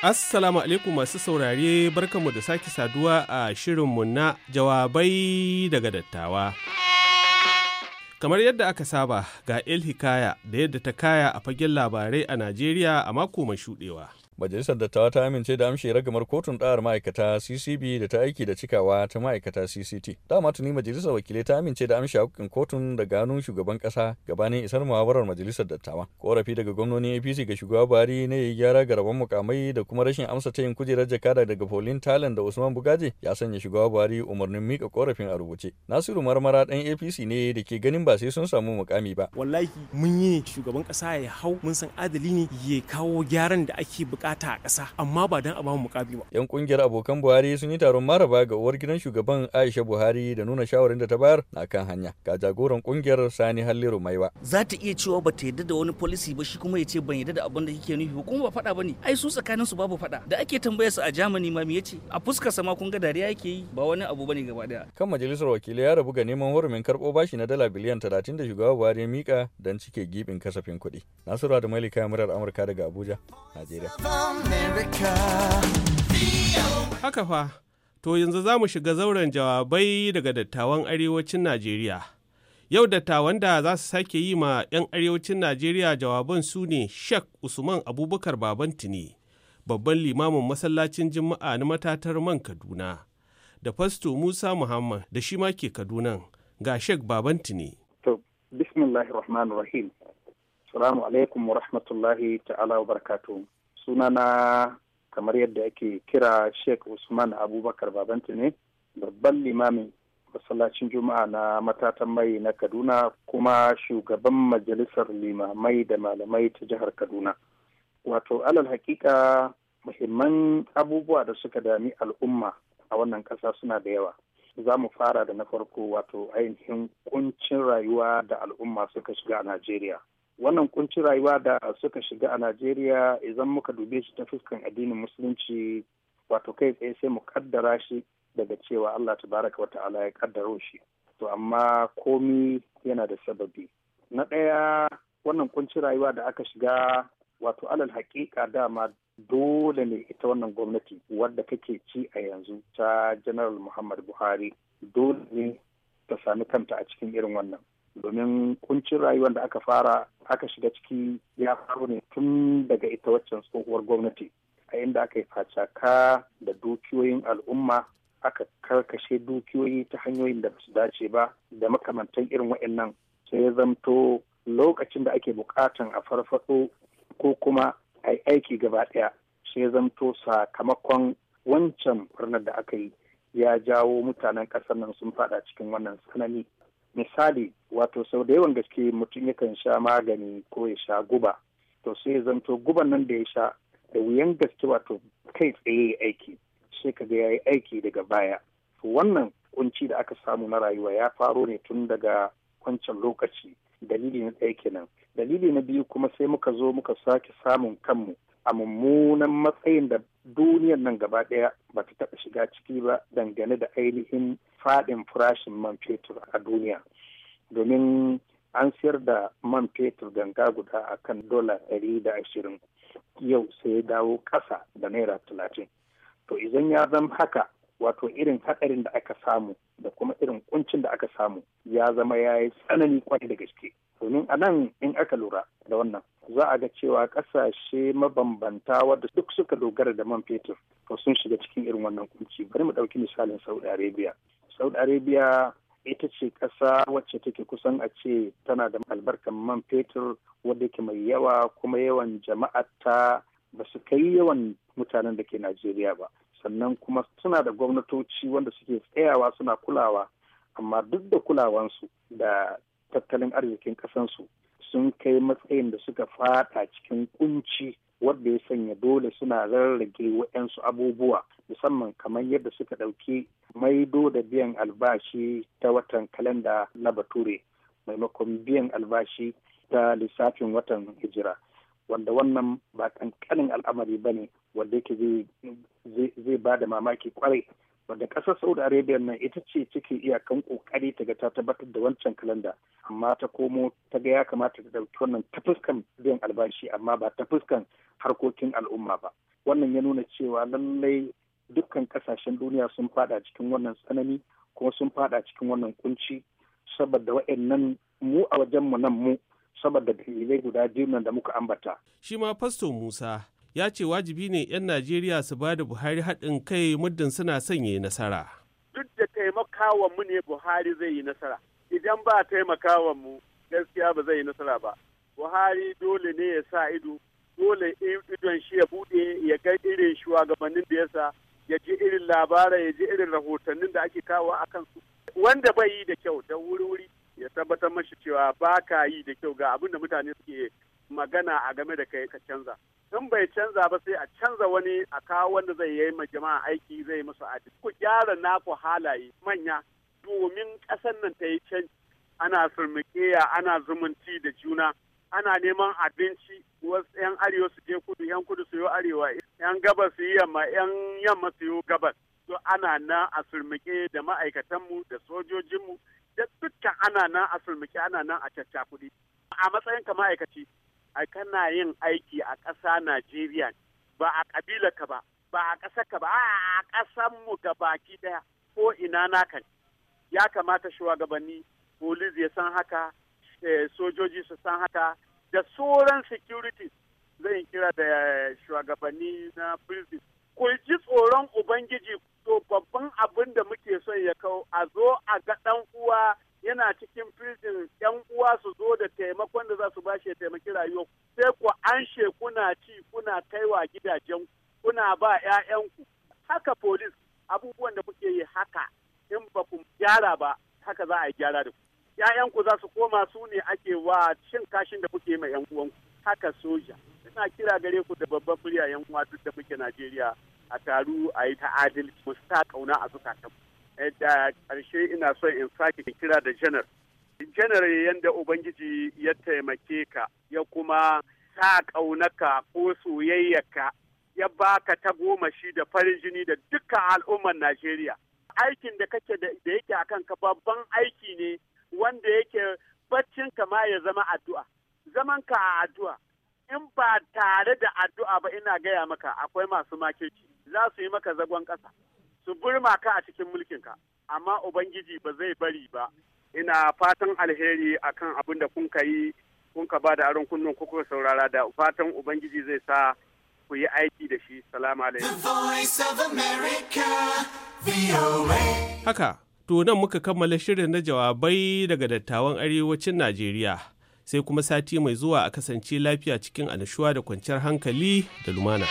Assalamu alaikum masu saurare barkanmu da sake saduwa a shirinmu na jawabai daga dattawa. Kamar yadda aka saba ga El Hikaya da yadda ta kaya a fagen labarai a Najeriya a mako mai shuɗewa. Majalisar Dattawa ta amince da amshe ragamar kotun ɗa'ar ma'aikata CCB da ta aiki da cikawa ta ma'aikata CCT. Dama tuni Majalisar Wakilai ta amince da amshe haƙƙin kotun da ganun shugaban ƙasa gabanin isar muhawarar Majalisar Dattawa. Korafi daga gwamnonin APC ga shugaba Buhari ne ya gyara ga rabon mukamai da kuma rashin amsa ta yin kujerar jakada daga polin talan da Usman Bugaje ya sanya shugaba Buhari umarnin mika korafin a rubuce. Nasiru Marmara dan APC ne da ke ganin ba sai sun samu mukami ba. Wallahi mun yi shugaban ƙasa ya hau mun san adali ne ya kawo gyaran da ake buƙata bukata a ƙasa amma ba don a mu muƙabi ba. Yan kungiyar abokan Buhari sun yi taron maraba ga uwar gidan shugaban Aisha Buhari da nuna shawarin da ta bayar na kan hanya ga jagoran kungiyar Sani Halliru Maiwa. Za ta iya cewa ba ta yadda da wani policy ba shi kuma ya ce ban yadda da abin da kake nufi ba kuma ba faɗa ba ne ai su tsakanin su babu faɗa da ake tambaya su a Germany ma me yace a fuskar sa ma kun ga dariya yake yi ba wani abu bane gaba daya. Kan majalisar wakilai ya rabu ga neman hurumin karɓo bashi na dala biliyan talatin da shugaba Buhari ya mika don cike gibin kasafin kuɗi. Nasiru da Malika murar Amurka daga Abuja, Najeriya. Haka fa, to yanzu za mu shiga zauren jawabai daga dattawan arewacin Najeriya. Yau dattawan da za su sake yi ma 'yan arewacin Najeriya jawaban su ne shek Usman Abubakar Babantini, babban limamin masallacin Juma'a na matatar man Kaduna, da Fasto Musa Muhammad da shi ke kaduna ga Sheikh Babantini. To, bismillahir rahim. Salamu alaikum wa rahmatullahi ta'ala wa barkatu. sunana kamar yadda ake kira sheikh usman abubakar babanta ne babban limamin masallacin juma'a na matatan mai na kaduna kuma shugaban majalisar limamai da malamai ta jihar kaduna wato alal hakika muhimman abubuwa da suka dami al'umma a wannan ƙasa suna da yawa za mu fara da na farko wato ainihin kuncin rayuwa da al'umma suka shiga a najeriya wannan kuncin rayuwa da suka shiga a najeriya idan muka dube shi ta fuskan addinin musulunci wato kai tsaye sai mu kaddara shi daga cewa allah tabaraka wa ta'ala ya kaddaro shi to amma komi yana da sababi na ɗaya wannan kuncin rayuwa da aka shiga wato alal haƙiƙa dama dole ne ita wannan gwamnati wadda kake ci a yanzu ta general muhammad buhari dole ne ta sami kanta a cikin irin wannan domin kuncin rayuwar da aka fara aka shiga ciki ya faru ne tun daga ita waccan tsohuwar gwamnati a inda aka yi facaka da dukiyoyin al'umma aka karkashe dukiyoyi ta hanyoyin da basu dace ba da makamantan irin waɗannan sai ya zamto lokacin da ake buƙatan a farfaɗo ko kuma a aiki gaba ɗaya sai ya zamto sakamakon wancan birnin da aka yi ya jawo mutanen ƙasar nan sun faɗa cikin wannan tsanani misali wato sau da yawan gaske mutum yakan sha magani ko ya sha guba to sai zanto guban nan da ya sha da wuyan gaske wato kai tsaye ya aiki sai kaga ya yi aiki daga baya to wannan kunci da aka samu na rayuwa ya faro ne tun daga kwancin lokaci dalili na ɗaya kenan dalili na biyu kuma sai muka zo muka sake samun kanmu a mummunan matsayin da duniyar nan gaba ɗaya ba ta taɓa shiga ciki ba dangane da ainihin faɗin farashin man fetur a duniya domin an siyar da man fetur ganga guda a kan dola ɗari da ashirin yau sai ya dawo ƙasa da naira talatin to idan ya zama haka wato irin hatsarin da aka samu da kuma irin kuncin da aka samu ya zama ya yi tsanani kwarai da gaske domin a nan in aka lura da wannan za a ga cewa ƙasashe mabambanta wadda duk suka dogara da man fetur to sun shiga cikin irin wannan kunci bari mu ɗauki misalin saudi arabia saudi arabia ita ce ƙasa wacce take kusan a ce tana da albarkar man fetur wadda yake mai yawa kuma yawan jama'ata ba su kai yawan mutanen da ke najeriya ba sannan kuma suna da gwamnatoci wanda suke tsayawa suna kulawa amma duk da kulawansu da tattalin arzikin kasansu sun kai matsayin da suka fada cikin kunci wadda ya sanya dole suna rarrage waɗansu abubuwa musamman kamar yadda suka ɗauki maido da biyan albashi ta watan kalenda na bature maimakon biyan albashi ta lissafin watan hijira wanda wannan ba ƙanƙanin al'amari ba ne wanda yake zai ba da mamaki kwarai wanda kasar saudi arabia nan ita ce cike iyakan kokari ta ga ta tabbatar da wancan kalanda amma ta komo ta ga ya kamata ta dauki wannan ta fuskan biyan albashi amma ba ta fuskan harkokin al'umma ba wannan ya nuna cewa lallai dukkan kasashen duniya sun fada cikin wannan tsanani kuma sun fada cikin wannan kunci saboda wa'annan mu a wajenmu nan mu saboda dalilai guda biyu da muka ambata. Shi ma Fasto Musa ya ce wajibi ne 'yan Najeriya su ba da Buhari haɗin kai muddin suna son yi nasara. Duk da taimakawa mu ne Buhari zai yi nasara. Idan ba taimakawa mu gaskiya ba zai yi nasara ba. Buhari dole ne ya sa ido, dole idon shi ya buɗe ya ga irin shugabannin da ya sa, ya ji irin labara, ya ji irin rahotannin da ake kawo a kansu. Wanda bai yi da kyau da wuri-wuri ya tabbatar mashi cewa ba ka yi da kyau ga abin da mutane suke magana a game da kai ka canza in bai canza ba sai a canza wani a kawo wanda zai yi ma jama'a aiki zai masu aji ku gyara naku halaye manya domin ƙasar nan ta yi canji ana surmiƙeya ana zumunci da juna ana neman abinci wasu 'yan arewa su je kudu 'yan kudu su yi arewa 'yan gabas su yi yamma 'yan yamma su yi gabas to ana nan a firmike da ma'aikatanmu da sojojinmu da dukkan ana nan a firmike ana nan a cacca a matsayin ka ma'aikaci a kana yin aiki a ƙasa Najeriya ba a ƙabila ka ba, ba a ƙasa ka ba, a ƙasanmu ga baki ɗaya ko ina naka. Ya kamata shugabanni, polis ya san haka, eh, sojoji su san haka, da sauran securities zan kira da eh, shugabanni na business. Ku ji tsoron Ubangiji, to babban abin da muke son ya kawo a zo a ga ɗan uwa yana cikin firjin yan uwa su zo da taimakon da za su ba shi taimaki rayuwa sai ku anshe kuna ci kuna kaiwa gidajen kuna ba 'ya'yanku haka polis abubuwan da kuke yi haka in ba ku gyara ba haka za a yi gyara da ku ƴaƴanku za su koma su ne ake wa cin kashin da kuke yi ma 'yan uwanku haka soja ina kira gare ku da babban murya 'yan uwa duk da muke Najeriya a taru a yi ta adalci mu sa kauna a ku. Eh, da ƙarshe ina so in sake kira da janar janar yadda ubangiji ya taimake ka ya kuma sa ƙaunaka ko soyayyaka ya baka ta goma shi da farin jini da dukkan al'ummar najeriya aikin da kake da yake a kanka, babban aiki ne wanda yake baccin ka ma ya zama addu'a zaman ka a addu'a in ba tare da addu'a ba ina gaya maka akwai masu makeci za su yi maka zagon ƙasa su burma ka a cikin mulkinka amma ubangiji ba zai bari ba ina fatan alheri akan abin da kun yi kun ka ba da aron kunnun kuka saurara da fatan ubangiji zai sa ku yi aiki da shi salamu alaikum haka to nan muka kammala shirin na jawabai daga dattawan arewacin najeriya sai kuma sati mai zuwa a kasance lafiya cikin alishuwa da kwanciyar hankali da lumana.